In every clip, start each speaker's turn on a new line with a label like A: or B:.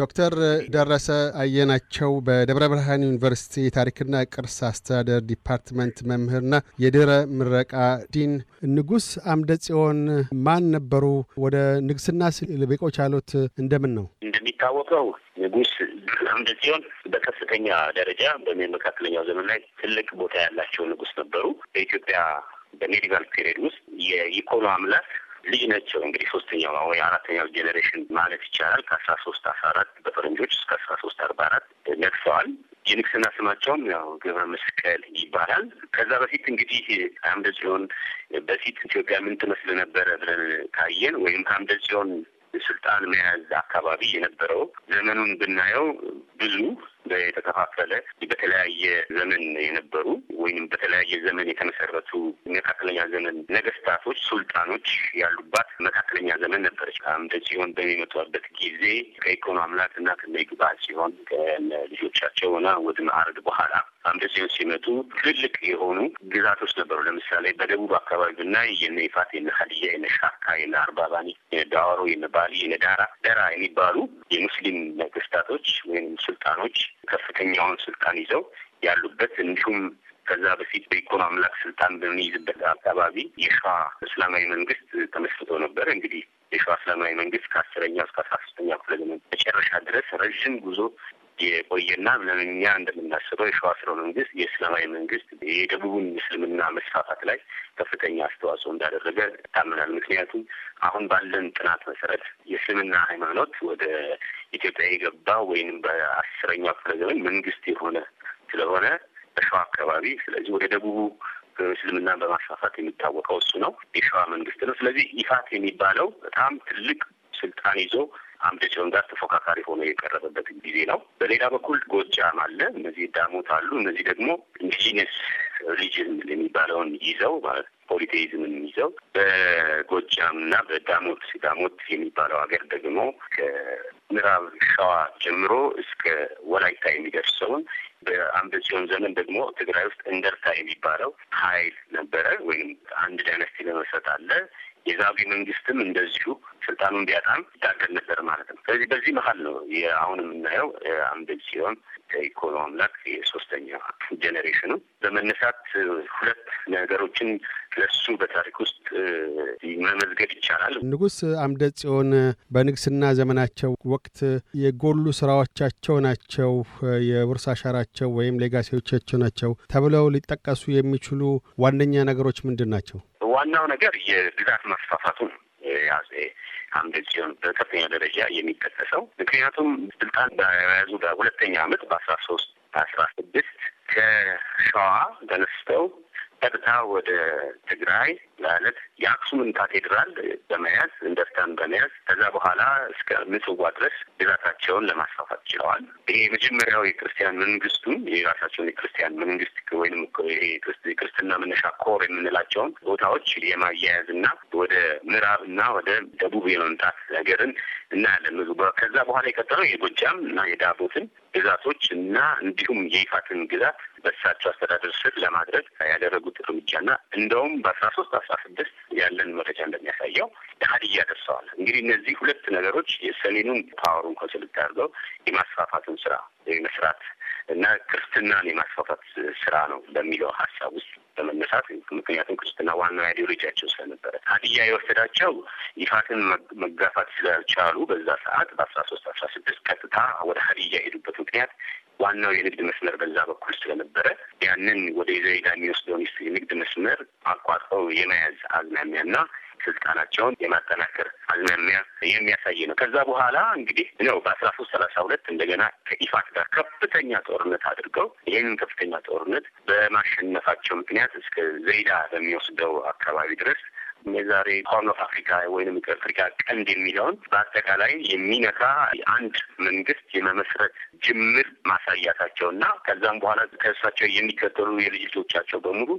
A: ዶክተር ደረሰ አየናቸው በደብረ ብርሃን ዩኒቨርሲቲ የታሪክና ቅርስ አስተዳደር ዲፓርትመንት መምህርና የድረ ምረቃ ዲን። ንጉስ አምደ ጽዮን ማን ነበሩ? ወደ ንግስና ልቤቆ ቻሎት እንደምን ነው?
B: እንደሚታወቀው ንጉስ አምደ ጽዮን በከፍተኛ ደረጃ መካከለኛው ዘመን ላይ ትልቅ ቦታ ያላቸው ንጉስ ነበሩ። በኢትዮጵያ በሜዲቫል ፔሪድ ውስጥ የኢኮኖ አምላክ ልጅ ናቸው። እንግዲህ ሶስተኛው ወይ አራተኛው ጄኔሬሽን ማለት ይቻላል። ከአስራ ሶስት አስራ አራት በፈረንጆች እስከ አስራ ሶስት አርባ አራት ነግሰዋል። የንግስና ስማቸውም ያው ገብረ መስቀል ይባላል። ከዛ በፊት እንግዲህ አምደ ጽዮን በፊት ኢትዮጵያ ምን ትመስል ነበረ ብለን ካየን ወይም ከአምደ ጽዮን ስልጣን መያዝ አካባቢ የነበረው ዘመኑን ብናየው ብዙ የተከፋፈለ በተለያየ ዘመን የነበሩ ወይም በተለያየ ዘመን የተመሰረቱ መካከለኛ ዘመን ነገስታቶች፣ ሱልጣኖች ያሉባት መካከለኛ ዘመን ነበረች። አምደ ጽዮን በሚመጡበት ጊዜ ከኢኮኖ አምላክ እና ከመይግባ ጽዮን ከልጆቻቸው ሆና ወደ ማዕረግ በኋላ አምደ ጽዮን ሲመጡ ትልልቅ የሆኑ ግዛቶች ነበሩ። ለምሳሌ በደቡብ አካባቢ ብናይ የነ ይፋት፣ የነ ሀዲያ፣ የነ ሻካ፣ የነ አርባባኒ፣ የነ የነ ባሊ፣ የነ ዳራ ደራ የሚባሉ የሙስሊም ነገስታቶች ወይም ሱልጣኖች ከፍተኛውን ስልጣን ይዘው ያሉበት እንዲሁም ከዛ በፊት በኢኮኖ አምላክ ስልጣን በሚይዝበት አካባቢ የሸዋ እስላማዊ መንግስት ተመስርቶ ነበር። እንግዲህ የሸዋ እስላማዊ መንግስት ከአስረኛው እስከ አስራ ሶስተኛው ክፍለ ዘመን መጨረሻ ድረስ ረዥም ጉዞ የቆየና እኛ እንደምናስበው የሸዋ ስርወ መንግስት የእስላማዊ መንግስት የደቡቡን እስልምና መስፋፋት ላይ ከፍተኛ አስተዋጽኦ እንዳደረገ ይታመናል። ምክንያቱም አሁን ባለን ጥናት መሰረት የእስልምና ሃይማኖት ወደ ኢትዮጵያ የገባ ወይንም በአስረኛው ክፍለ ዘመን መንግስት የሆነ ስለሆነ በሸዋ አካባቢ ስለዚህ ወደ ደቡቡ እስልምናን በማስፋፋት የሚታወቀው እሱ ነው፣ የሸዋ መንግስት ነው። ስለዚህ ይፋት የሚባለው በጣም ትልቅ ስልጣን ይዞ አምደቸውን ጋር ተፎካካሪ ሆኖ የቀረበበት ጊዜ ነው። በሌላ በኩል ጎጃም አለ፣ እነዚህ ዳሞት አሉ። እነዚህ ደግሞ ኢንዲጂነስ ሪጅን የሚባለውን ይዘው ማለት ፖሊቴይዝምን ይዘው በጎጃም እና በዳሞት ዳሞት የሚባለው ሀገር ደግሞ ከምዕራብ ሸዋ ጀምሮ እስከ ወላይታ የሚደርሰውን በአምደጽዮን ዘመን ደግሞ ትግራይ ውስጥ እንደርታ የሚባለው ኃይል ነበረ ወይም አንድ ዳይነስቲ ለመሰጥ አለ የዛቢ መንግስትም እንደዚሁ ስልጣኑን ቢያጣም ይታገል ነበር ማለት ነው። ስለዚህ በዚህ መሀል ነው አሁን የምናየው አምደግ ሲሆን ኢኮኖ አምላክ የሶስተኛ ጀኔሬሽኑ በመነሳት ሁለት ነገሮችን ለሱ በታሪክ ውስጥ መመዝገብ ይቻላል።
A: ንጉሥ አምደ ጽዮን በንግስና ዘመናቸው ወቅት የጎሉ ስራዎቻቸው ናቸው የውርስ አሻራቸው ወይም ሌጋሲዎቻቸው ናቸው ተብለው ሊጠቀሱ የሚችሉ ዋነኛ ነገሮች ምንድን ናቸው?
B: ዋናው ነገር የግዛት መስፋፋቱ ነው። አንገድ ሲሆን በከፍተኛ ደረጃ የሚጠቀሰው ምክንያቱም ስልጣን በያዙ በሁለተኛ አመት በአስራ ሶስት አስራ ስድስት ከሸዋ ተነስተው ቀጥታ ወደ ትግራይ ማለት የአክሱምን ካቴድራል በመያዝ እንደርታን በመያዝ ከዛ በኋላ እስከ ምጽዋ ድረስ ግዛታቸውን ለማስፋፋት ችለዋል። ይሄ የመጀመሪያው የክርስቲያን መንግስቱም የራሳቸውን የክርስቲያን መንግስት ወይም የክርስትና መነሻ ኮር የምንላቸውን ቦታዎች የማያያዝና ወደ ምዕራብና ወደ ደቡብ የመምጣት ነገርን እናያለን። ከዛ በኋላ የቀጠለው የጎጃም እና የዳቦትን ግዛቶች እና እንዲሁም የይፋትን ግዛት በሳቸው አስተዳደር ስር ለማድረግ ያደረጉት እርምጃና እንደውም በአስራ ሶስት አስራ ስድስት ያለን መረጃ እንደሚያሳየው ለሀዲያ ደርሰዋል። እንግዲህ እነዚህ ሁለት ነገሮች የሰሜኑን ፓወሩን ኮንሶሊድ አድርገው የማስፋፋትን ስራ የመስራት እና ክርስትናን የማስፋፋት ስራ ነው በሚለው ሀሳብ ውስጥ በመነሳት ምክንያቱም ክርስትና ዋናው አይዲዮሎጂያቸው ስለነበረ ሀዲያ የወሰዳቸው ይፋትን መጋፋት ስላልቻሉ በዛ ሰዓት በአስራ ሶስት አስራ ስድስት ቀጥታ ወደ ሀዲያ የሄዱበት ምክንያት ዋናው የንግድ መስመር በዛ በኩል ስለነበረ ያንን ወደ ዘይዳ የሚወስደውን የንግድ መስመር አቋርጠው የመያዝ አዝማሚያና ስልጣናቸውን የማጠናከር አዝማሚያ የሚያሳይ ነው። ከዛ በኋላ እንግዲህ ነው በአስራ ሶስት ሰላሳ ሁለት እንደገና ከኢፋት ጋር ከፍተኛ ጦርነት አድርገው ይህንን ከፍተኛ ጦርነት በማሸነፋቸው ምክንያት እስከ ዘይዳ በሚወስደው አካባቢ ድረስ የዛሬ ሆርን ኦፍ አፍሪካ ወይም አፍሪካ ቀንድ የሚለውን በአጠቃላይ የሚነካ አንድ መንግስት የመመስረት ጅምር ማሳያታቸው እና ከዛም በኋላ ከእሳቸው የሚከተሉ የልጅቶቻቸው በሙሉ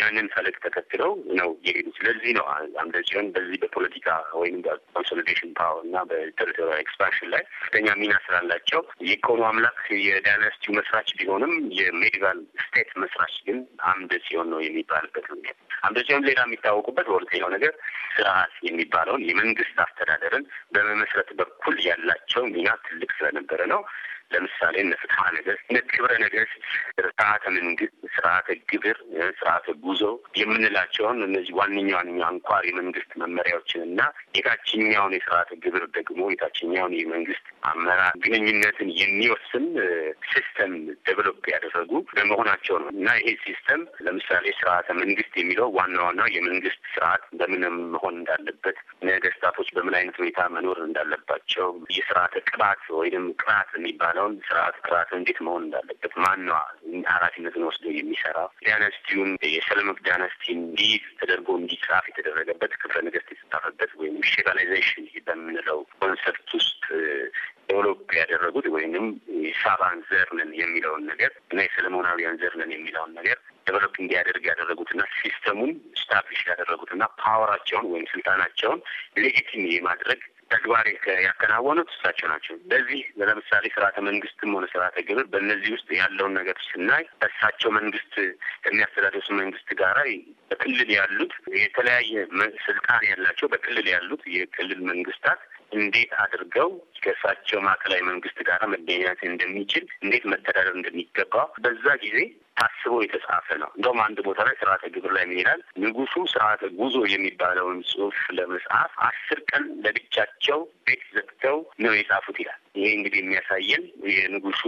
B: ያንን ፈለግ ተከትለው ነው የሄዱ። ስለዚህ ነው አምደ ጽዮን በዚህ በፖለቲካ ወይም በኮንሶሊዴሽን ፓወር እና በቴሪቶሪያል ኤክስፓንሽን ላይ ከፍተኛ ሚና ስላላቸው የኢኮኖ አምላክ የዳይናስቲው መስራች ቢሆንም የሜዲቫል ስቴት መስራች ግን አምደ ጽዮን ነው የሚባልበት ምክንያት አምደ ጽዮን ሌላ የሚታወቁበት ወርቅ ነገር ስርዓት የሚባለውን የመንግስት አስተዳደርን በመመስረት በኩል ያላቸው ሚና ትልቅ ስለነበረ ነው። ለምሳሌ እነ ፍትሐ ነገስት፣ እነ ክብረ ነገስት፣ ስርዓተ መንግስት፣ ስርዓተ ግብር፣ ስርዓተ ጉዞ የምንላቸውን እነዚህ ዋነኛ ዋነኛ አንኳር የመንግስት መመሪያዎችን እና የታችኛውን የስርዓተ ግብር ደግሞ የታችኛውን የመንግስት አመራር ግንኙነትን የሚወስን ሲስተም ዴቨሎፕ ያደረጉ በመሆናቸው ነው እና ይሄ ሲስተም ለምሳሌ ስርዓተ መንግስት የሚለው ዋና ዋናው የመንግስት ስርዓት በምን መሆን እንዳለበት፣ ነገስታቶች በምን አይነት ሁኔታ መኖር እንዳለባቸው የስርዓተ ቅባት ወይም ቅባት የሚባለው የሚለውን ስርዓት ጥራቱ እንዴት መሆን እንዳለበት ማነዋ ኃላፊነትን ወስዶ የሚሰራ ዳይነስቲውም የሰለሞክ ዳይነስቲ እንዲህ ተደርጎ እንዲጻፍ የተደረገበት ክብረ ነገስት የተጻፈበት ወይም ሼባላይዜሽን በምንለው ኮንሰፕት ውስጥ ዴቨሎፕ ያደረጉት ወይንም የሳባን ዘር የሚለውን ነገር እና የሰለሞናዊያን ዘር የሚለውን ነገር ዴቨሎፕ እንዲያደርግ ያደረጉትና ሲስተሙን ስታብሊሽ ያደረጉትና ፓወራቸውን ወይም ስልጣናቸውን ሌጂቲም የማድረግ ተግባር ያከናወኑት እሳቸው ናቸው። በዚህ ለምሳሌ ስርዓተ መንግስትም ሆነ ስርዓተ ግብር በእነዚህ ውስጥ ያለውን ነገር ስናይ እሳቸው መንግስት ከሚያስተዳደሱ መንግስት ጋር በክልል ያሉት የተለያየ ስልጣን ያላቸው በክልል ያሉት የክልል መንግስታት እንዴት አድርገው ከእሳቸው ማዕከላዊ መንግስት ጋር መገናኘት እንደሚችል እንዴት መተዳደር እንደሚገባ በዛ ጊዜ ታስቦ የተጻፈ ነው። እንደውም አንድ ቦታ ላይ ስርዓተ ግብር ላይ ምን ይላል? ንጉሱ ስርዓተ ጉዞ የሚባለውን ጽሁፍ ለመጻፍ አስር ቀን ለብቻቸው ቤት ዘግተው ነው የጻፉት ይላል። ይሄ እንግዲህ የሚያሳየን የንጉሱ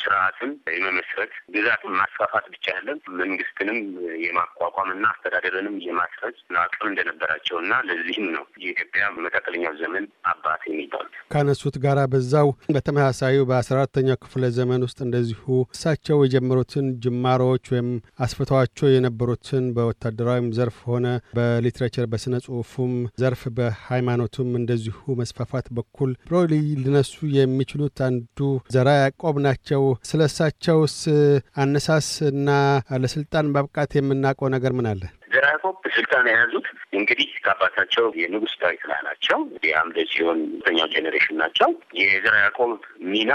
B: ስርዓትን የመመስረት ግዛትን ማስፋፋት ብቻ ያለን መንግስትንም የማቋቋምና አስተዳደርንም የማስረጽ አቅም እንደነበራቸው እና ለዚህም ነው የኢትዮጵያ መካከለኛው ዘመን
A: አባት የሚባሉት። ካነሱት ጋራ በዛው በተመሳሳዩ በአስራ አራተኛው ክፍለ ዘመን ውስጥ እንደዚሁ እሳቸው የጀመሩትን ጅማሮዎች ወይም አስፍተዋቸው የነበሩትን በወታደራዊም ዘርፍ ሆነ በሊትሬቸር በስነ ጽሁፉም ዘርፍ በሃይማኖቱም እንደዚሁ መስፋፋት በኩል ፕሮሊ ልነሱ የሚችሉት አንዱ ዘራ ያዕቆብ ናቸው። ስለ እሳቸውስ አነሳስ እና ለስልጣን ማብቃት የምናውቀው ነገር ምን አለ? ዘራ ያዕቆብ ስልጣን የያዙት
B: እንግዲህ ከአባታቸው የንጉስ ዳዊት ላይ ናቸው። እንግዲህ ጽዮን ሁለተኛው ጄኔሬሽን ናቸው። የዘራ ያዕቆብ ሚና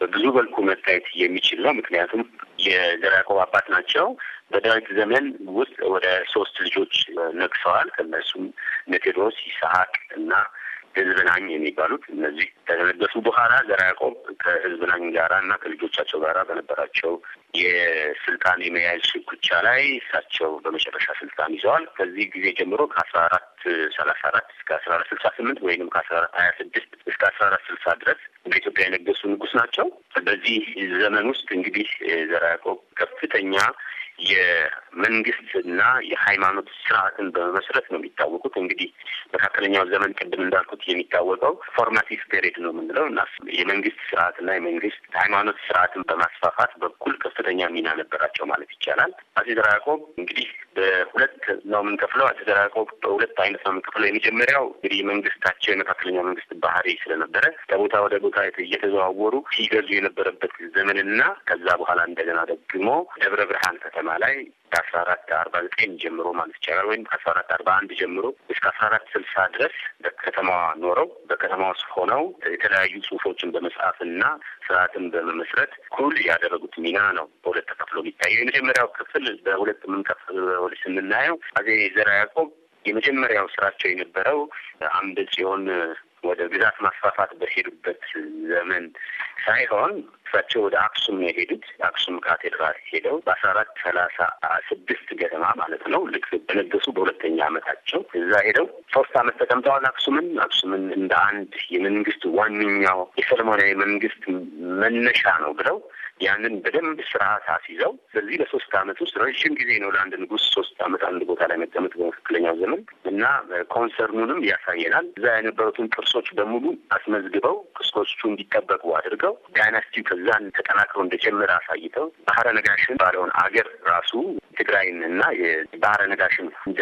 B: በብዙ መልኩ መታየት የሚችል ነው። ምክንያቱም የዘራ ያዕቆብ አባት ናቸው። በዳዊት ዘመን ውስጥ ወደ ሶስት ልጆች ነግሰዋል። ከእነሱም እነ ይስሐቅ እና ህዝብ ናኝ የሚባሉት እነዚህ ከተነገሱ በኋላ ዘርዓ ያዕቆብ ከህዝብ ናኝ ጋራ እና ከልጆቻቸው ጋራ በነበራቸው የስልጣን የመያዝ ሽኩቻ ላይ እሳቸው በመጨረሻ ስልጣን ይዘዋል። ከዚህ ጊዜ ጀምሮ ከአስራ አራት ሰላሳ አራት እስከ አስራ አራት ስልሳ ስምንት ወይንም ከአስራ አራት ሀያ ስድስት እስከ አስራ አራት ስልሳ ድረስ በኢትዮጵያ የነገሱ ንጉስ ናቸው። በዚህ ዘመን ውስጥ እንግዲህ ዘርዓ ያዕቆብ ከፍተኛ የመንግስትና የሃይማኖት ስርዓትን በመመስረት ነው የሚታወቁት። እንግዲህ መካከለኛው ዘመን ቅድም እንዳልኩት የሚታወቀው ፎርማቲቭ ፔሪድ ነው የምንለው እና የመንግስት ስርዓትና የመንግስት ሃይማኖት ስርዓትን በማስፋፋት በኩል ከፍተኛ ሚና ነበራቸው ማለት ይቻላል። አጼ ዘርዓ ያዕቆብ እንግዲህ በሁለት ነው የምንከፍለው። አጼ ዘርዓ ያዕቆብ በሁለት አይነት ነው የምንከፍለው። የመጀመሪያው እንግዲህ መንግስታቸው የመካከለኛው መንግስት ባህሪ ስለነበረ ከቦታ ወደ ቦታ እየተዘዋወሩ ሲገዙ የነበረበት ዘመንና ከዛ በኋላ እንደገና ደግሞ ደብረ ብርሃን ከተማ ከተማ ላይ ከአስራ አራት አርባ ዘጠኝ ጀምሮ ማለት ይቻላል ወይም ከአስራ አራት አርባ አንድ ጀምሮ እስከ አስራ አራት ስልሳ ድረስ በከተማዋ ኖረው በከተማ ውስጥ ሆነው የተለያዩ ጽሁፎችን በመጽሐፍና ስርዓትን በመመስረት ኩል ያደረጉት ሚና ነው በሁለት ተከፍሎ የሚታየው። የመጀመሪያው ክፍል በሁለት ምንከፍ ወደ አዜ አጼ ዘርዓ ያዕቆብ የመጀመሪያው ስራቸው የነበረው አምደ ጽዮን ወደ ግዛት ማስፋፋት በሄዱበት ዘመን ሳይሆን እሳቸው ወደ አክሱም የሄዱት አክሱም ካቴድራል ሄደው በአስራ አራት ሰላሳ ስድስት ገደማ ማለት ነው ልክ በነገሱ በሁለተኛ አመታቸው እዛ ሄደው ሶስት ዓመት ተቀምጠዋል። አክሱምን አክሱምን እንደ አንድ የመንግስት ዋነኛው የሰለሞናዊ መንግስት መነሻ ነው ብለው ያንን በደንብ ስርዓት አስይዘው በዚህ ለሶስት አመት ውስጥ ረዥም ጊዜ ነው ለአንድ ንጉስ ሶስት አመት አንድ ቦታ ላይ መቀመጥ በመካከለኛው ዘመን እና ኮንሰርኑንም ያሳየናል። እዛ የነበሩትን ቅርሶች በሙሉ አስመዝግበው ቅርሶቹ እንዲጠበቁ አድርገው ዳይናስቲው ከዛን ተጠናክሮ እንደጀመረ አሳይተው ባህረ ነጋሽን ባለውን አገር ራሱ ትግራይን እና የባህረ ነጋሽን እንደ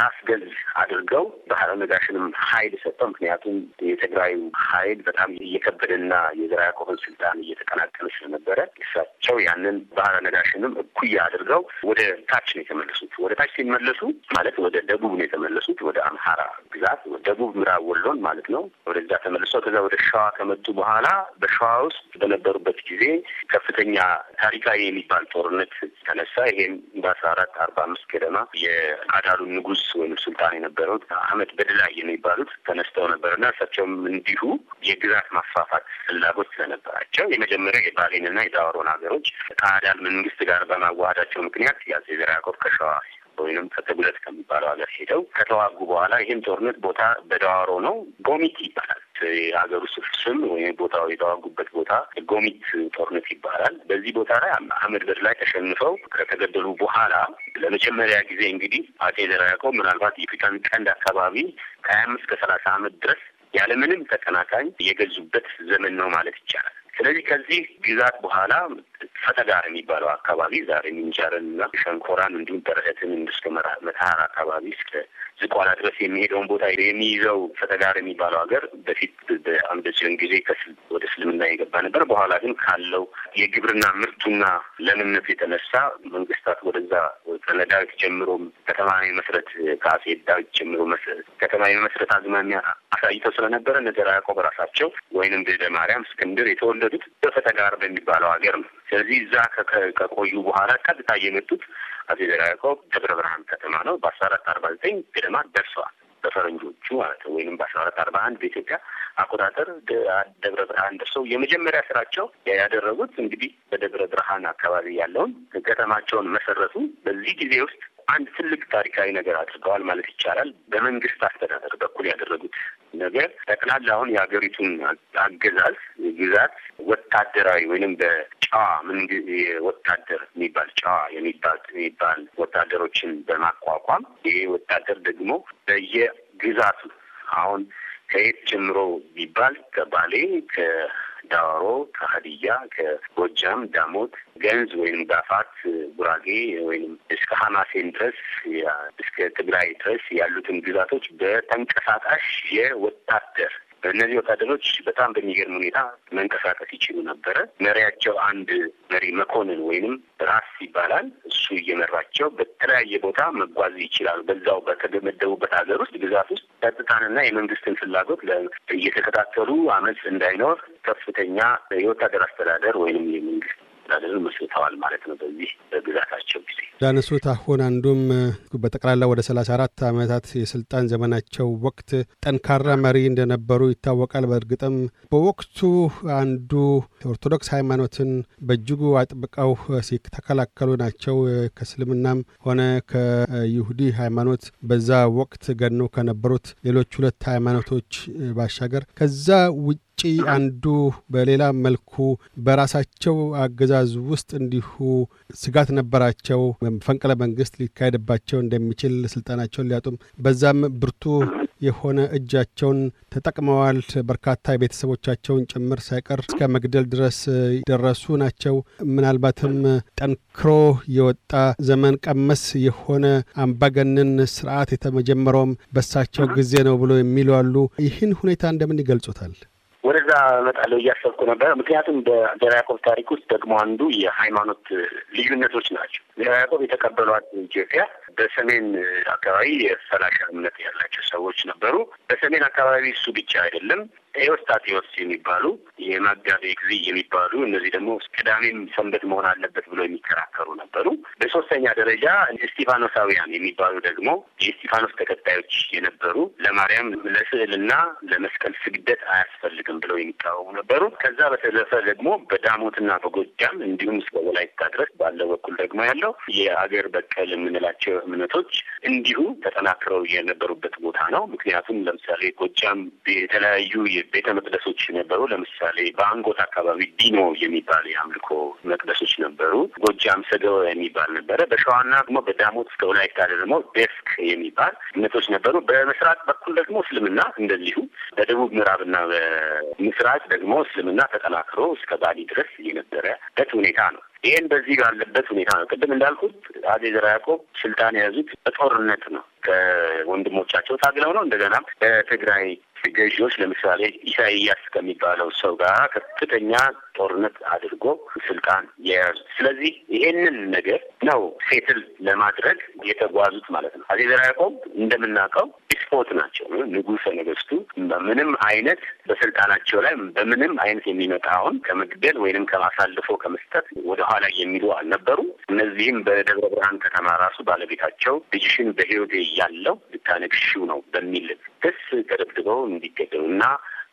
B: ራስ ገዝ አድርገው ባህረ ነጋሽንም ኃይል ሰጠው። ምክንያቱም የትግራዩ ኃይል በጣም እየከበደና የዘርዓ ያዕቆብን ስልጣን እየተቀናቀለ ስለነበረ ነበር። እሳቸው ያንን ባህረ ነጋሽንም እኩያ አድርገው ወደ ታች ነው የተመለሱት። ወደ ታች ሲመለሱ ማለት ወደ ደቡብ ነው የተመለሱት፣ ወደ አምሃራ ግዛት ደቡብ ምዕራብ ወሎን ማለት ነው። ወደዛ ተመልሰው ከዛ ወደ ሸዋ ከመጡ በኋላ በሸዋ ውስጥ በነበሩበት ጊዜ ከፍተኛ ታሪካዊ የሚባል ጦርነት ተነሳ። ይሄም በአስራ አራት አርባ አምስት ገደማ የአዳሉ ንጉስ ወይም ሱልጣን የነበረውት አህመድ በድላይ የሚባሉት ተነስተው ነበርና እሳቸውም እንዲሁ የግዛት ማስፋፋት ፍላጎት ስለነበራቸው የመጀመሪያ የባሌንና የዳዋሮን ሀገሮች ከጣሊያን መንግስት ጋር በማዋሃዳቸው ምክንያት የአጼ ዘርዓ ያዕቆብ ከሸዋ ወይም ከተጉለት ከሚባለው ሀገር ሄደው ከተዋጉ በኋላ ይህም ጦርነት ቦታ በዳዋሮ ነው፣ ጎሚት ይባላል። የሀገሩ ስም ወይም ቦታው የተዋጉበት ቦታ ጎሚት ጦርነት ይባላል። በዚህ ቦታ ላይ አመድ በድ ላይ ተሸንፈው ከተገደሉ በኋላ ለመጀመሪያ ጊዜ እንግዲህ አጼ ዘርዓ ያዕቆብ ምናልባት የአፍሪካን ቀንድ አካባቢ ከሀያ አምስት ከሰላሳ አመት ድረስ ያለምንም ተቀናቃኝ የገዙበት ዘመን ነው ማለት ይቻላል። ስለዚህ ከዚህ ግዛት በኋላ ፈተጋር የሚባለው አካባቢ ዛሬ ምንጃርን እና ሸንኮራን እንዲሁም በረሀትን እስከ መተሃራ አካባቢ እስከ ዝቋላ ድረስ የሚሄደውን ቦታ የሚይዘው ፈተጋር የሚባለው ሀገር በፊት በአንድ ሲሆን ጊዜ ወደ እስልምና የገባ ነበር። በኋላ ግን ካለው የግብርና ምርቱና ለምነቱ የተነሳ መንግስታት ወደዛ ከነዳዊት ጀምሮ ከተማ የመስረት ከአጼ ዳዊት ጀምሮ ከተማ የመስረት አዝማሚያ አሳይተው ስለነበረ ነዘራ ያዕቆብ ራሳቸው ወይንም ድህደ ማርያም እስክንድር የተወለዱት በፈተጋር በሚባለው ሀገር ነው። ስለዚህ እዛ ከቆዩ በኋላ ቀጥታ የመጡት አፄ ደብረ ብርሃን ከተማ ነው። በአስራ አራት አርባ ዘጠኝ ገደማ ደርሰዋል በፈረንጆቹ ማለት ነው። ወይም በአስራ አራት አርባ አንድ በኢትዮጵያ አቆጣጠር ደብረ ብርሃን ደርሰው የመጀመሪያ ስራቸው ያደረጉት እንግዲህ በደብረ ብርሃን አካባቢ ያለውን ከተማቸውን መሰረቱ። በዚህ ጊዜ ውስጥ አንድ ትልቅ ታሪካዊ ነገር አድርገዋል ማለት ይቻላል። በመንግስት አስተዳደር በኩል ያደረጉት ነገር ጠቅላላ አሁን የሀገሪቱን አገዛዝ ግዛት ወታደራዊ ወይንም በጨዋ ምን ወታደር የሚባል ጨዋ የሚባል የሚባል ወታደሮችን በማቋቋም ይሄ ወታደር ደግሞ በየግዛቱ አሁን ከየት ጀምሮ ቢባል ከባሌ ከ- ዳዋሮ፣ ከሀዲያ፣ ከጎጃም ዳሞት፣ ገንዝ ወይም ጋፋት፣ ጉራጌ ወይም እስከ ሀማሴን ድረስ እስከ ትግራይ ድረስ ያሉትን ግዛቶች በተንቀሳቃሽ የወታደር እነዚህ ወታደሮች በጣም በሚገርም ሁኔታ መንቀሳቀስ ይችሉ ነበረ። መሪያቸው አንድ መሪ መኮንን ወይንም ራስ ይባላል። እሱ እየመራቸው በተለያየ ቦታ መጓዝ ይችላሉ። በዛው በተመደቡበት ሀገር ውስጥ ግዛት ውስጥ ጸጥታንና የመንግስትን ፍላጎት እየተከታተሉ አመፅ እንዳይኖር ከፍተኛ የወታደር አስተዳደር ወይንም አስተዳደር መስርተዋል ማለት ነው። በዚህ በግዛታቸው
A: ጊዜ ዳነሱት አሁን አንዱም በጠቅላላ ወደ ሰላሳ አራት አመታት የስልጣን ዘመናቸው ወቅት ጠንካራ መሪ እንደነበሩ ይታወቃል። በእርግጥም በወቅቱ አንዱ ኦርቶዶክስ ሃይማኖትን በእጅጉ አጥብቀው ሲተከላከሉ ናቸው። ከእስልምናም ሆነ ከይሁዲ ሃይማኖት በዛ ወቅት ገኖ ከነበሩት ሌሎች ሁለት ሃይማኖቶች ባሻገር ከዛ ውጭ ውጪ አንዱ በሌላ መልኩ በራሳቸው አገዛዝ ውስጥ እንዲሁ ስጋት ነበራቸው፣ ፈንቅለ መንግስት ሊካሄድባቸው እንደሚችል ስልጣናቸውን ሊያጡም፣ በዛም ብርቱ የሆነ እጃቸውን ተጠቅመዋል። በርካታ ቤተሰቦቻቸውን ጭምር ሳይቀር እስከ መግደል ድረስ ደረሱ ናቸው። ምናልባትም ጠንክሮ የወጣ ዘመን ቀመስ የሆነ አምባገነን ስርዓት የተመጀመረውም በሳቸው ጊዜ ነው ብሎ የሚሉ አሉ። ይህን ሁኔታ እንደምን ይገልጹታል?
B: ጋር እመጣለሁ እያሰብኩ ነበር። ምክንያቱም በዘርዓ ያዕቆብ ታሪክ ውስጥ ደግሞ አንዱ የሃይማኖት ልዩነቶች ናቸው። ዘርዓ ያዕቆብ የተቀበሏት ኢትዮጵያ በሰሜን አካባቢ የፈላሻ እምነት ያላቸው ሰዎች ነበሩ። በሰሜን አካባቢ እሱ ብቻ አይደለም፣ ኤዎስጣቴዎስ የሚባሉ የመጋቤ ጊዜ የሚባሉ እነዚህ ደግሞ ቅዳሜም ሰንበት መሆን አለበት ብሎ የሚከራከሩ ነበሩ። በሶስተኛ ደረጃ እስጢፋኖሳውያን የሚባሉ ደግሞ የእስጢፋኖስ ተከታዮች የነበሩ ለማርያም ለስዕልና ለመስቀል ስግደት አያስፈልግም ብለው የሚቃወሙ ነበሩ። ከዛ በተረፈ ደግሞ በዳሞትና በጎጃም እንዲሁም እስከ ወላይታ ድረስ ባለው በኩል ደግሞ ያለው የአገር በቀል የምንላቸው እምነቶች እንዲሁ ተጠናክረው የነበሩበት ቦታ ነው። ምክንያቱም ለምሳሌ ጎጃም የተለያዩ ቤተ መቅደሶች ነበሩ። ለምሳሌ በአንጎት አካባቢ ዲኖ የሚባል የአምልኮ መቅደሶች ነበሩ። ጎጃም ሰገወ የሚባል ነበረ። በሸዋና ደግሞ በዳሞት እስከ ወላይታ ደግሞ ደስክ የሚባል እምነቶች ነበሩ። በምስራቅ በኩል ደግሞ እስልምና እንደዚሁ፣ በደቡብ ምዕራብና በምስራቅ ደግሞ እስልምና ተጠናክሮ እስከ ባሊ ድረስ የነበረበት ሁኔታ ነው። ይህን በዚህ ባለበት ሁኔታ ነው። ቅድም እንዳልኩት አጼ ዘርዓ ያዕቆብ ስልጣን የያዙት በጦርነት ነው። ከወንድሞቻቸው ታግለው ነው። እንደገና በትግራይ ገዢዎች ለምሳሌ ኢሳይያስ ከሚባለው ሰው ጋር ከፍተኛ ጦርነት አድርጎ ስልጣን የያዙ። ስለዚህ ይሄንን ነገር ነው ሴትል ለማድረግ የተጓዙት ማለት ነው። አጼ ዘርዓ ያዕቆብ እንደምናውቀው ዲስፖት ናቸው። ንጉሰ ነገስቱ በምንም አይነት በስልጣናቸው ላይ በምንም አይነት የሚመጣውን ከመግደል ወይንም ከማሳልፎ ከመስጠት ወደኋላ የሚሉ አልነበሩ። እነዚህም በደብረ ብርሃን ከተማ ራሱ ባለቤታቸው ልጅሽን በህይወቴ ያለው ልታነግሽው ነው በሚል ክስ ተደብድበው እንዲገደሉ እና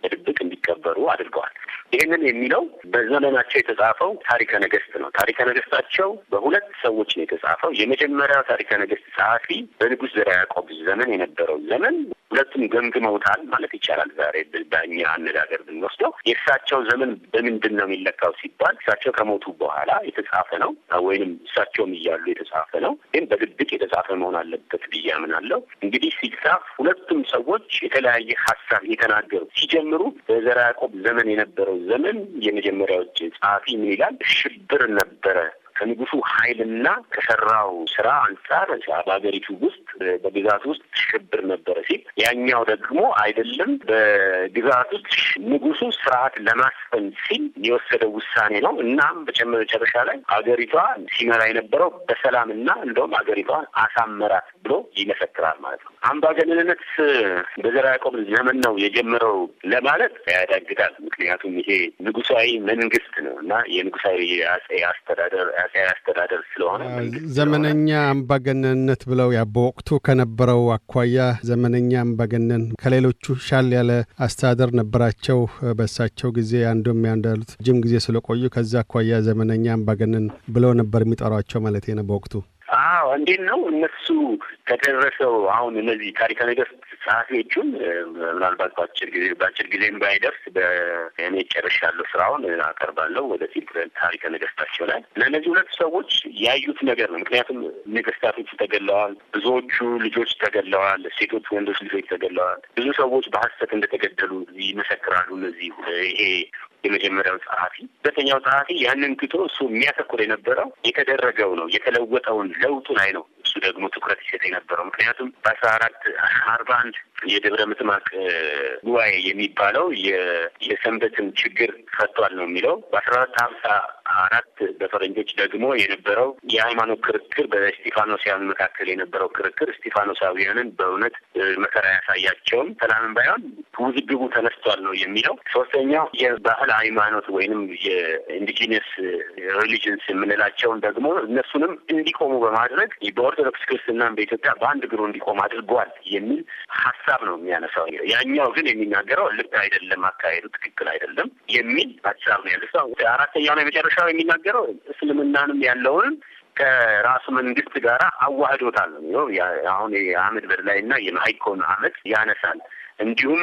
B: በድብቅ እንዲቀበሩ አድርገዋል። ይህንን የሚለው በዘመናቸው የተጻፈው ታሪከ ነገስት ነው። ታሪከ ነገስታቸው በሁለት ሰዎች ነው የተጻፈው። የመጀመሪያው ታሪከ ነገስት ጸሐፊ በንጉስ ዘርዓ ያዕቆብ ዘመን የነበረው ዘመን ሁለቱም ገምግመውታል ማለት ይቻላል። ዛሬ በእኛ አነጋገር ብንወስደው የእሳቸው ዘመን በምንድን ነው የሚለካው ሲባል እሳቸው ከሞቱ በኋላ የተጻፈ ነው ወይንም እሳቸውም እያሉ የተጻፈ ነው፣ ግን በድብቅ የተጻፈ መሆን አለበት ብዬ አምናለሁ። እንግዲህ ሲጻፍ ሁለቱም ሰዎች የተለያየ ሀሳብ የተናገሩ ሲጀም ሲጀምሩ በዘርዓ ያዕቆብ ዘመን የነበረው ዘመን የመጀመሪያዎች ጸሐፊ ምን ይላል? ሽብር ነበረ ከንጉሱ ኃይልና ከሰራው ስራ አንጻር በሀገሪቱ ውስጥ በግዛት ውስጥ ሽብር ነበረ ሲል፣ ያኛው ደግሞ አይደለም በግዛት ውስጥ ንጉሱ ስርዓት ለማስፈን ሲል የወሰደው ውሳኔ ነው። እናም በመጨረሻ ላይ ሀገሪቷ ሲመራ የነበረው በሰላም እና እንደውም ሀገሪቷን አሳመራት ብሎ ይመሰክራል ማለት ነው። አምባገነንነት በዘርዓ ያዕቆብ ዘመን ነው የጀመረው ለማለት ያዳግታል። ምክንያቱም ይሄ ንጉሳዊ መንግስት ነው እና የንጉሳዊ አስተዳደር ዲሞክራሲያዊ አስተዳደር ስለሆነ
A: ዘመነኛ አምባገነንነት ብለው ያ በወቅቱ ከነበረው አኳያ ዘመነኛ አምባገነን ከሌሎቹ ሻል ያለ አስተዳደር ነበራቸው። በሳቸው ጊዜ አንዱም ያንዳሉት ጅም ጊዜ ስለቆዩ ከዛ አኳያ ዘመነኛ አምባገነን ብለው ነበር የሚጠሯቸው ማለት ነው በወቅቱ
B: አዎ እንዴት ነው እነሱ ከደረሰው አሁን እነዚህ ታሪከ ነገስት ጸሐፊዎቹን ምናልባት በአጭር ጊዜ በአጭር ጊዜም ባይደርስ በእኔ ጨርሻለሁ ስራውን አቀርባለሁ ወደፊት ታሪከ ነገስታቸው ላይ እና እነዚህ ሁለት ሰዎች ያዩት ነገር ነው። ምክንያቱም ነገስታቶች ተገለዋል፣ ብዙዎቹ ልጆች ተገለዋል፣ ሴቶች ወንዶች ልጆች ተገለዋል። ብዙ ሰዎች በሀሰት እንደተገደሉ ይመሰክራሉ። እነዚህ ይሄ የመጀመሪያው ጸሐፊ። ሁለተኛው ጸሐፊ ያንን ትቶ እሱ የሚያተኩር የነበረው የተደረገው ነው የተለወጠውን ለውጡ ላይ ነው። እሱ ደግሞ ትኩረት ይሰጥ የነበረው ምክንያቱም በአስራ አራት አርባ አንድ የደብረ ምጥማቅ ጉባኤ የሚባለው የሰንበትን ችግር ፈቷል ነው የሚለው። በአስራ አራት ሀምሳ አራት በፈረንጆች ደግሞ የነበረው የሃይማኖት ክርክር በስጢፋኖሲያን መካከል የነበረው ክርክር ስጢፋኖሳዊያንን በእውነት መከራ ያሳያቸውም ሰላምን ባይሆን ውዝግቡ ተነስቷል ነው የሚለው። ሶስተኛው የባህል ሃይማኖት ወይንም የኢንዲጂነስ ሪሊጅንስ የምንላቸውን ደግሞ እነሱንም እንዲቆሙ በማድረግ በኦርቶዶክስ ክርስትናን በኢትዮጵያ በአንድ ግሩ እንዲቆም አድርጓል የሚል ሀሳብ ሀሳብ ነው የሚያነሳው። ያኛው ግን የሚናገረው ልክ አይደለም፣ አካሄዱ ትክክል አይደለም የሚል ሀሳብ ነው ያነሳው። አራተኛውና የመጨረሻው የሚናገረው እስልምናንም ያለውን ከራሱ መንግስት ጋር አዋህዶታል ነው አሁን የአህመድ በድላይና የማይኮን አመት ያነሳል። እንዲሁም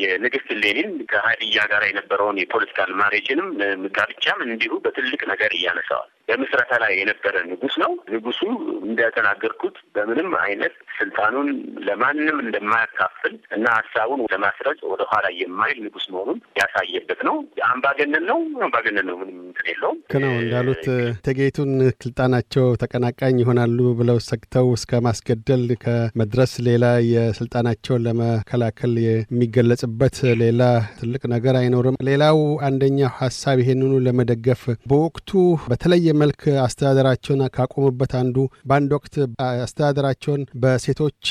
B: የንግስት ሌኒን ከሀዲያ ጋር የነበረውን የፖለቲካል ማሬጅንም ጋብቻም እንዲሁ በትልቅ ነገር እያነሳዋል። በምስረታ ላይ የነበረ ንጉስ ነው። ንጉሱ እንደተናገርኩት በምንም አይነት ስልጣኑን ለማንም እንደማያካፍል እና ሀሳቡን ለማስረጽ ወደኋላ የማይል ንጉስ መሆኑን ያሳየበት ነው። አምባገነን ነው። አምባገነን ነው። ምንም እንትን
A: የለውም። ነው እንዳሉት ተገይቱን ስልጣናቸው ተቀናቃኝ ይሆናሉ ብለው ሰግተው እስከ ማስገደል ከመድረስ ሌላ የስልጣናቸውን ለመከላከል የሚገለጽበት ሌላ ትልቅ ነገር አይኖርም። ሌላው አንደኛው ሀሳብ ይሄንኑ ለመደገፍ በወቅቱ በተለየ መልክ አስተዳደራቸውን ካቆሙበት አንዱ በአንድ ወቅት አስተዳደራቸውን በሴቶች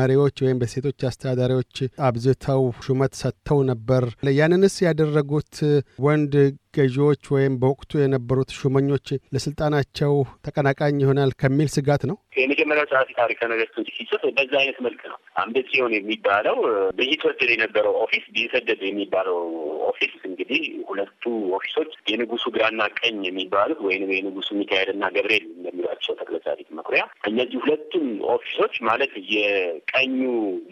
A: መሪዎች ወይም በሴቶች አስተዳዳሪዎች አብዝተው ሹመት ሰጥተው ነበር። ያንንስ ያደረጉት ወንድ ገዢዎች ወይም በወቅቱ የነበሩት ሹመኞች ለስልጣናቸው ተቀናቃኝ ይሆናል ከሚል ስጋት ነው።
B: የመጀመሪያው ጸሐፊ ታሪከ ነገስቱን ሲጽፍ በዛ አይነት መልክ ነው። አምደ ጽዮን የሚባለው ብይትወደድ የነበረው ኦፊስ ብይተወደድ የሚባለው ኦፊስ እንግዲህ ሁለቱ ኦፊሶች የንጉሱ ግራና ቀኝ የሚባሉት ወይም የንጉሱ ሚካኤልና ገብርኤል እንደሚሏቸው ተክለጻዲቅ መኩሪያ እነዚህ ሁለቱም ኦፊሶች ማለት የቀኙ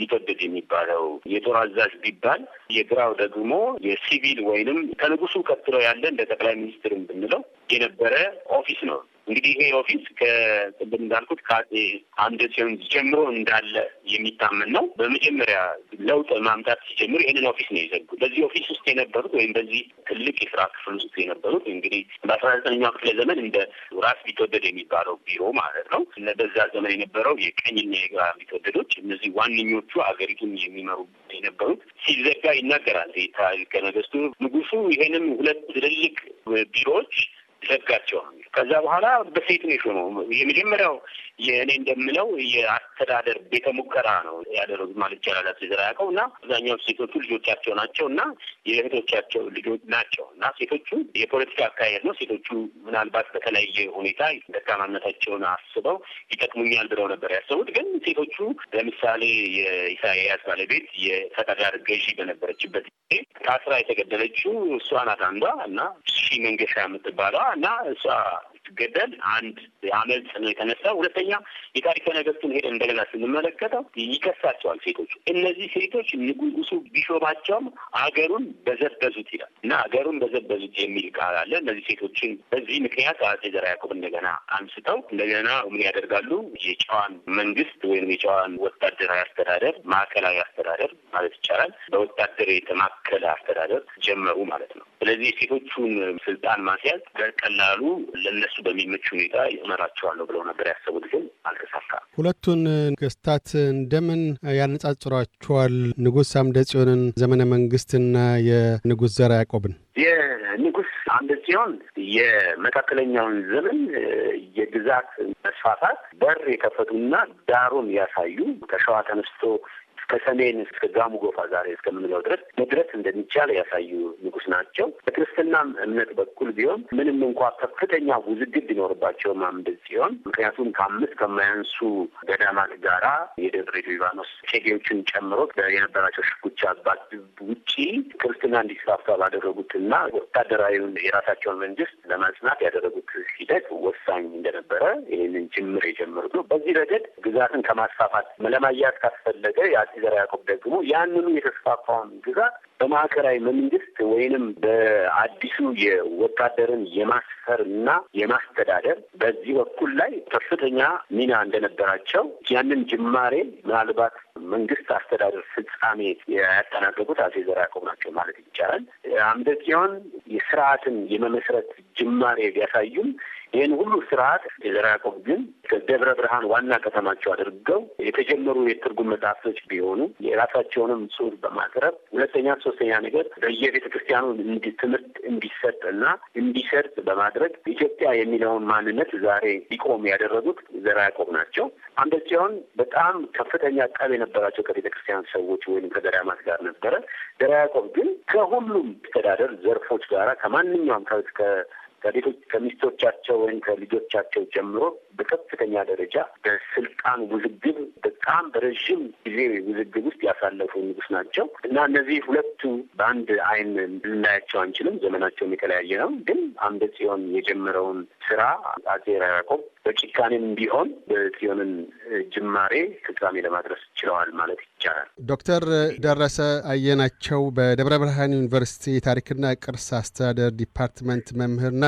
B: ቢተወደድ የሚባለው የጦር አዛዥ ቢባል፣ የግራው ደግሞ የሲቪል ወይንም ከንጉሱ ቀጥሎ ያ እንዳለ እንደ ጠቅላይ ሚኒስትር ብንለው የነበረ ኦፊስ ነው እንግዲህ ይሄ ኦፊስ ከቅድም እንዳልኩት ከአጼ አምደጽዮን ጀምሮ እንዳለ የሚታመን ነው። በመጀመሪያ ለውጥ ማምጣት ሲጀምሩ ይህንን ኦፊስ ነው የዘጉ። በዚህ ኦፊስ ውስጥ የነበሩት ወይም በዚህ ትልቅ የስራ ክፍል ውስጥ የነበሩት እንግዲህ በአስራ ዘጠነኛው ክፍለ ዘመን እንደ ራስ ቢትወደድ የሚባለው ቢሮ ማለት ነው። በዛ ዘመን የነበረው የቀኝና የግራ ቢትወደዶች እነዚህ ዋነኞቹ አገሪቱን የሚመሩ የነበሩት ሲዘጋ ይናገራል ታሪከ ነገስቱ ንጉሱ። ይሄንም ሁለት ትልልቅ ቢሮዎች ዘጋቸው። ከዛ በኋላ በሴት ነው የሾመው። የመጀመሪያው የእኔ እንደምለው የአስተዳደር ቤተ ሙከራ ነው ያደረጉት ማለት ይቻላል። አቶ ያውቀው እና አብዛኛው ሴቶቹ ልጆቻቸው ናቸው እና የእህቶቻቸው ልጆች ናቸው እና ሴቶቹ የፖለቲካ አካሄድ ነው። ሴቶቹ ምናልባት በተለያየ ሁኔታ ደካማነታቸውን አስበው ይጠቅሙኛል ብለው ነበር ያሰቡት። ግን ሴቶቹ ለምሳሌ የኢሳያስ ባለቤት የፈቃዳር ገዢ በነበረችበት ጊዜ ታስራ የተገደለችው እሷ ናት አንዷ እና ሺ መንገሻ የምትባለዋ እና እሷ ገደል አንድ አመፅ ነው የተነሳ። ሁለተኛ የታሪክ ነገስቱን ሄደን እንደገና ስንመለከተው ይከሳቸዋል ሴቶች። እነዚህ ሴቶች ንጉሱ ቢሾባቸውም አገሩን በዘበዙት ይላል እና አገሩን በዘበዙት የሚል ቃል አለ። እነዚህ ሴቶችን በዚህ ምክንያት አጼ ዘርዓ ያዕቆብ እንደገና አንስተው እንደገና ምን ያደርጋሉ? የጨዋን መንግስት ወይም የጨዋን ወታደራዊ አስተዳደር ማዕከላዊ አስተዳደር ማለት ይቻላል በወታደር የተማከለ አስተዳደር ጀመሩ ማለት ነው። ስለዚህ የሴቶቹን ስልጣን ማስያዝ በቀላሉ ለነ ለእነሱ በሚመች ሁኔታ ይመራቸዋለሁ ብለው ነበር ያሰቡት፣ ግን አልተሳካም።
A: ሁለቱን ነገስታት እንደምን ያነጻጽሯቸዋል? ንጉሥ አምደ ጽዮንን ዘመነ መንግስትና የንጉሥ ዘር ያዕቆብን
B: የንጉሥ አምደ ጽዮን የመካከለኛውን ዘመን የግዛት መስፋፋት በር የከፈቱና ዳሩን ያሳዩ ከሸዋ ተነስቶ ከሰሜን እስከ ጋሙ ጎፋ ዛሬ እስከምንለው ድረስ መድረስ እንደሚቻል ያሳዩ ንጉስ ናቸው። በክርስትና እምነት በኩል ቢሆን ምንም እንኳ ከፍተኛ ውዝግብ ቢኖርባቸው ማምድል ሲሆን ምክንያቱም ከአምስት ከማያንሱ ገዳማት ጋራ የደብረ ሊባኖስ ቼጌዎችን ጨምሮ የነበራቸው ሽኩቻ አባት ውጪ ክርስትና እንዲስፋፋ ባደረጉትና ወታደራዊውን የራሳቸውን መንግስት ለማጽናት ያደረጉት ሂደት ወሳኝ እንደነበረ ይህንን ጅምር የጀመሩት ነው። በዚህ ረገድ ግዛትን ከማስፋፋት ለማያት ካስፈለገ ዘርዓ ያዕቆብ ደግሞ ያንኑ የተስፋፋውን ግዛት በማዕከላዊ መንግስት ወይንም በአዲሱ የወታደርን የማስፈር እና የማስተዳደር በዚህ በኩል ላይ ከፍተኛ ሚና እንደነበራቸው ያንን ጅማሬ ምናልባት መንግስት አስተዳደር ፍጻሜ ያጠናቀቁት አጼ ዘርዓ ያዕቆብ ናቸው ማለት ይቻላል። አምደ ጽዮን የስርዓትን የመመስረት ጅማሬ ቢያሳዩም ይህን ሁሉ ስርዓት የዘራቀው ግን ከደብረ ብርሃን ዋና ከተማቸው አድርገው የተጀመሩ የትርጉም መጽሐፍቶች ቢሆኑ የራሳቸውንም ጽሁፍ በማቅረብ ሁለተኛ፣ ሶስተኛ ነገር በየቤተ ክርስቲያኑ ትምህርት እንዲሰጥ እና እንዲሰርጥ በማድረግ ኢትዮጵያ የሚለውን ማንነት ዛሬ ሊቆም ያደረጉት ዘራ ያዕቆብ ናቸው። አንደኛውን በጣም ከፍተኛ ጠብ የነበራቸው ከቤተ ክርስቲያን ሰዎች ወይም ከገዳማት ጋር ነበረ። ዘርዓ ግን ከሁሉም አስተዳደር ዘርፎች ጋራ ከማንኛውም ከቤቶች ከሚስቶቻቸው ወይም ከልጆቻቸው ጀምሮ በከፍተኛ ደረጃ በስልጣን ውዝግብ በጣም በረዥም ጊዜ ውዝግብ ውስጥ ያሳለፉ ንጉስ ናቸው እና እነዚህ ሁለቱ በአንድ አይን ልናያቸው አንችልም። ዘመናቸውም የተለያየ ነው። ግን አምደ ጽዮን የጀመረውን ስራ አጼ ያዕቆብ በጭካኔም ቢሆን በጽዮንን ጅማሬ ፍጻሜ ለማድረስ ችለዋል ማለት ይቻላል።
A: ዶክተር ደረሰ አየናቸው በደብረ ብርሃን ዩኒቨርሲቲ የታሪክና ቅርስ አስተዳደር ዲፓርትመንት መምህርና